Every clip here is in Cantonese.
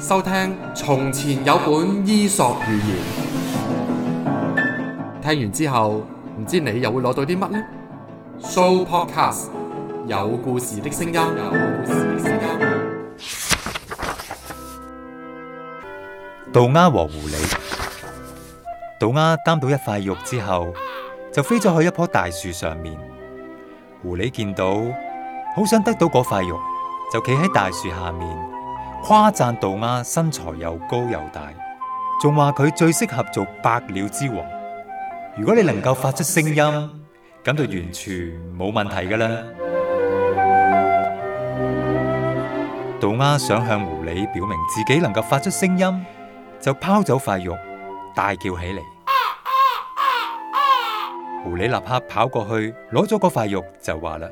收聽從前有本伊索寓言，聽完之後唔知你又會攞到啲乜呢？Sooopodcast 有故事的聲音。有故事的聲音。渡鴉和狐狸，渡鴉擔到一塊肉之後，就飛咗去一棵大樹上面。狐狸見到，好想得到嗰塊肉，就企喺大樹下面。誇讚渡鴉身材又高又大，仲話佢最適合做百鳥之王。如果你能夠發出聲音，咁 就完全冇問題噶啦。渡鴉想向狐狸表明自己能夠發出聲音，就拋走塊肉，大叫起嚟。 狐狸立刻跑過去，攞咗嗰塊肉就話啦。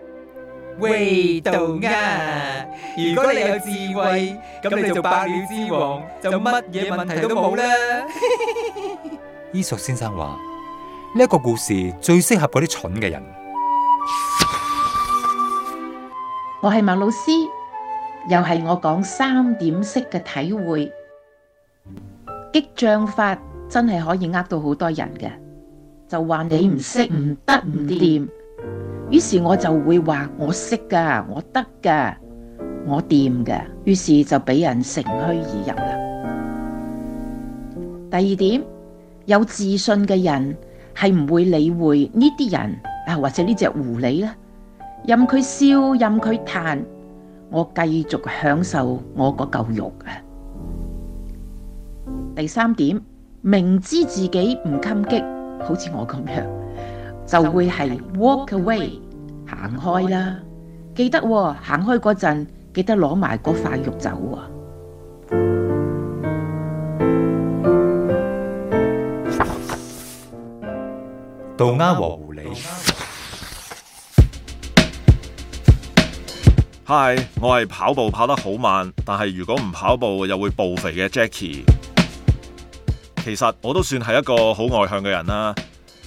味道啱，如果你有智慧，咁你就百鳥之王，就乜嘢問題都冇啦。伊索先生話呢一個故事最適合嗰啲蠢嘅人。我係孟老師，又係我講三點式嘅體會，激將法真係可以呃到好多人嘅，就話你唔識唔得唔掂。於是我就會話我識㗎，我得㗎，我掂㗎。於是就俾人乘虛而入啦。第二點，有自信嘅人係唔會理會呢啲人啊，或者呢隻狐狸咧，任佢笑，任佢嘆，我繼續享受我嗰嚿肉啊。第三點，明知自己唔堪激，好似我咁樣。就會係 walk away 行開啦，記得行、喎、開嗰陣記得攞埋嗰塊肉走啊、喎！渡鴉和狐狸。嗨，Hi，我係跑步跑得好慢，但係如果唔跑步又會暴肥嘅 Jackie。其實我都算係一個好外向嘅人啦。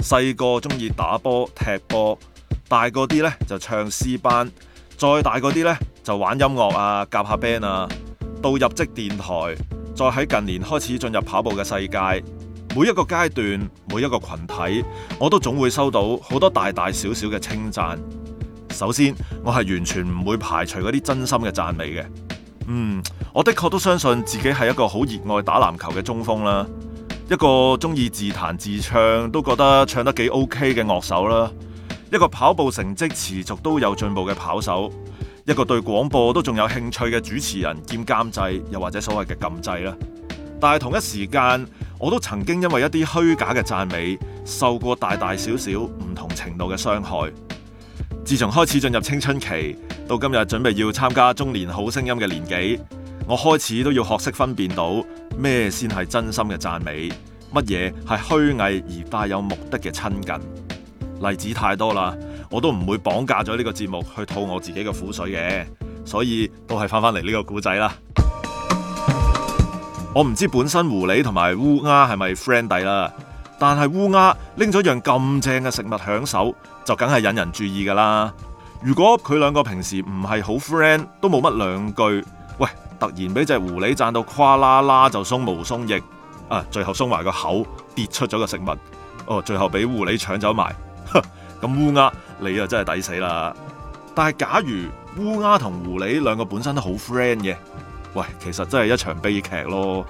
細個中意打波、踢波，大個啲呢就唱詩班，再大個啲呢就玩音樂啊，夾下 band 啊，到入職電台，再喺近年開始進入跑步嘅世界。每一個階段，每一個群體，我都總會收到好多大大小小嘅稱讚。首先，我係完全唔會排除嗰啲真心嘅讚美嘅。嗯，我的確都相信自己係一個好熱愛打籃球嘅中鋒啦。一個中意自彈自唱都覺得唱得幾 OK 嘅樂手啦，一個跑步成績持續都有進步嘅跑手，一個對廣播都仲有興趣嘅主持人兼監製，又或者所謂嘅禁製啦。但係同一時間，我都曾經因為一啲虛假嘅讚美，受過大大小小唔同程度嘅傷害。自從開始進入青春期，到今日準備要參加中年好聲音嘅年紀，我開始都要學識分辨到。咩先係真心嘅讚美？乜嘢係虛偽而帶有目的嘅親近？例子太多啦，我都唔會綁架咗呢個節目去吐我自己嘅苦水嘅，所以都係返返嚟呢個古仔啦。 我唔知本身狐狸同埋烏鴉係咪 friend 底啦，但係烏鴉拎咗樣咁正嘅食物喺手，就梗係引人注意㗎啦。如果佢兩個平時唔係好 friend，都冇乜兩句。喂，突然俾隻狐狸讚到跨喇喇喇，嘩啦啦就鬆毛鬆翼，啊，最後鬆埋個口，跌出咗個食物，哦，最後俾狐狸搶走埋，咁烏鴉你又真係抵死啦！但係假如烏鴉同狐狸兩個本身都好 friend 嘅，喂，其實真係一場悲劇咯！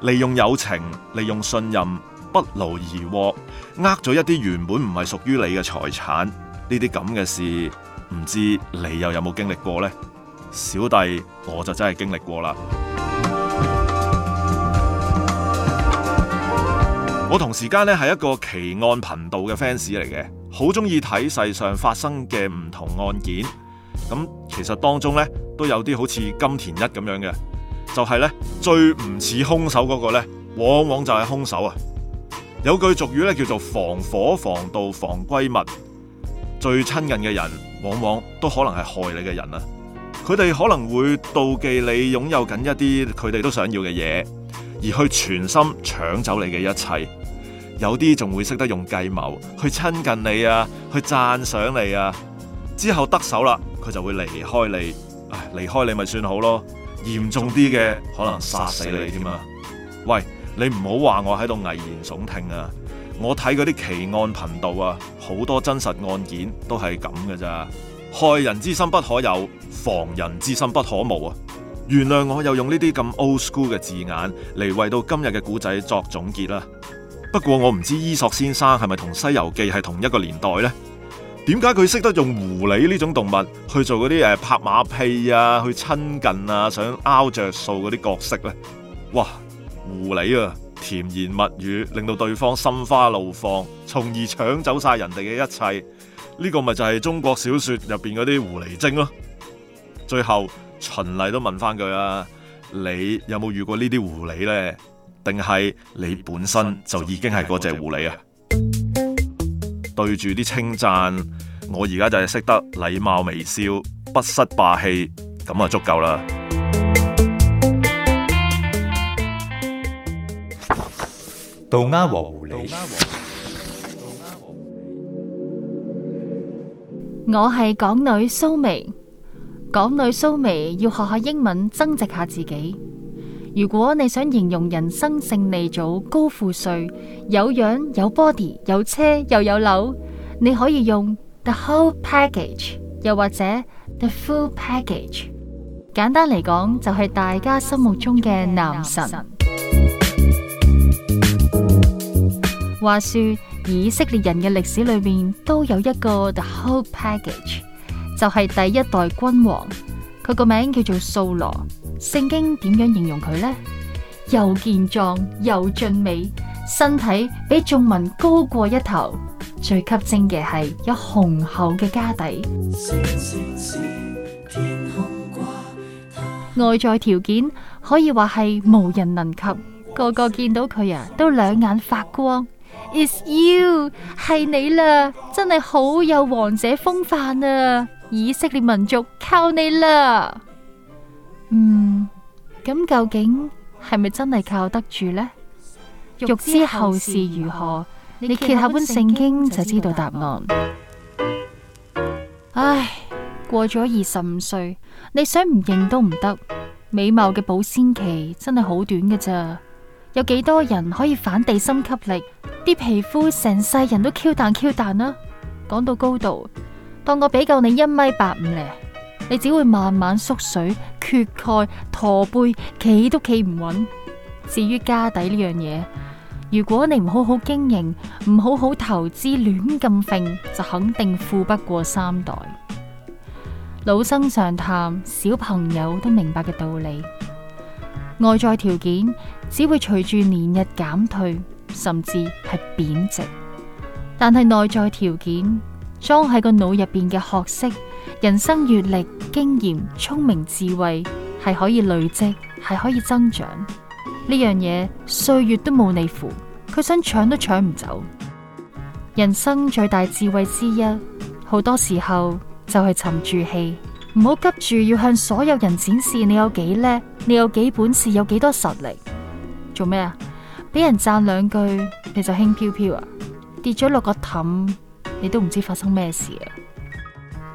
利用友情，利用信任，不勞而獲，呃咗一啲原本唔係屬於你嘅財產，呢啲咁嘅事，唔知你又有冇經歷過呢？小弟我就真係經歷過啦。我同時間呢係一個奇案頻道嘅 fans 嚟嘅，好中意睇世上發生嘅唔同案件。咁其實當中呢都有啲好似金田一咁樣嘅，就係呢最唔似兇手嗰個呢，往往就係兇手啊。有句俗語呢叫做「防火防盜防閨蜜」，最親近嘅人往往都可能係害你嘅人啊。佢哋可能會妒忌你擁有緊一啲佢哋都想要嘅嘢，而去全心搶走你嘅一切。有啲仲會識得用計謀去親近你啊，去讚賞你啊，之後得手啦，佢就會離開你。唉，離開你咪算好咯。嚴重啲嘅可能殺死你添啊！喂，你唔好話我喺度危言聳聽啊！我睇嗰啲奇案頻道啊，好多真實案件都係咁嘅咋～害人之心不可有，防人之心不可無啊！原諒我又用呢啲咁 old school 嘅字眼嚟為到今日嘅古仔作總結啦。不過我唔知伊索先生係咪同《西遊記》係同一個年代呢？點解佢識得用狐狸呢種動物去做嗰啲誒拍馬屁啊、去親近啊、想拗着數嗰啲角色呢？哇！狐狸啊，甜言蜜語令到對方心花怒放，從而搶走晒人哋嘅一切。呢個咪就係中國小說入邊嗰啲狐狸精咯。最後循例都問返佢啊，你有冇遇過呢啲狐狸咧？定係你本身就已經係嗰隻狐狸啊？ 對住啲稱讚，我而家就係識得禮貌微笑，不失霸氣，咁啊足夠啦。渡鴉和狐狸。我係港女蘇眉，港女蘇眉要學下英文，增值下自己。如果你想形容人生勝利組高富帥，有樣有 body，有車又有樓，你可以用 the whole package，又或者 the full package。簡單嚟講，就係大家心目中嘅男神。話說。以色列人嘅歷史裏面，都有一個 the whole package，就係第一代君王，佢個名叫做掃羅。聖經點樣形容佢呢？又健壯又俊美，身體比眾民高過一頭，最吸睛嘅係有雄厚嘅家底。外在條件可以話係無人能及，個個見到佢啊，都兩眼發光。Is you 係你啦，真係好有王者風範啊！以色列民族靠你啦。嗯，咁究竟係咪真係靠得住呢？欲知後事如何，你揭下本聖經就知道答案。唉，過咗二十五歲，你想唔認都唔得，美貌嘅保鮮期真係好短㗎咋。有幾多人可以反地心吸力？啲皮膚成世人都 Q 彈 Q 彈啦！講到高度，當我比夠你一米八五咧，你只會慢慢縮水，缺鈣、駝背，企都企唔穩。至於家底呢樣嘢，如果你唔好好經營，唔好好投資，亂咁揈，就肯定富不過三代。老生常談，小朋友都明白嘅道理。外在條件只會隨住年日減退，甚至係貶值。但係內在條件，裝喺個腦入邊嘅學識、人生閱歷、經驗、聰明智慧，係可以累積，係可以增長。呢樣嘢歲月都冇你符，佢想搶都搶唔走。人生最大智慧之一，好多時候就係沉住氣。唔好急住要向所有人展示你有幾叻，你有幾本事，有幾多實力，做咩啊？俾人讚兩句你就輕飄飄啊？跌咗落個氹，你都唔知發生咩事啊？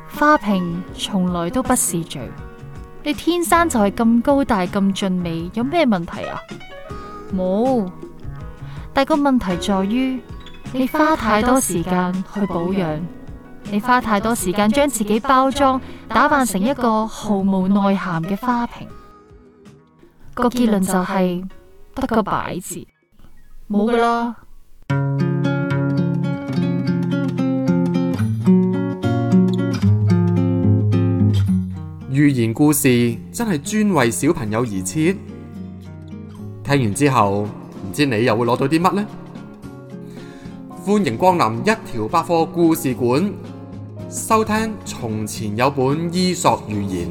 花瓶從來都不是罪，你天生就係咁高大咁俊美，有咩問題啊？冇，但個問題在於你花太多時間去保養，你花太多時間將自己包裝。打扮成一個毫無內涵嘅花瓶，個結論就係、是、得個擺設，冇噶啦！寓言故事真係專為小朋友而設，聽完之後唔知你又會攞到啲乜呢？歡迎光臨一條百貨故事館。收聽《從前有本伊索寓言》。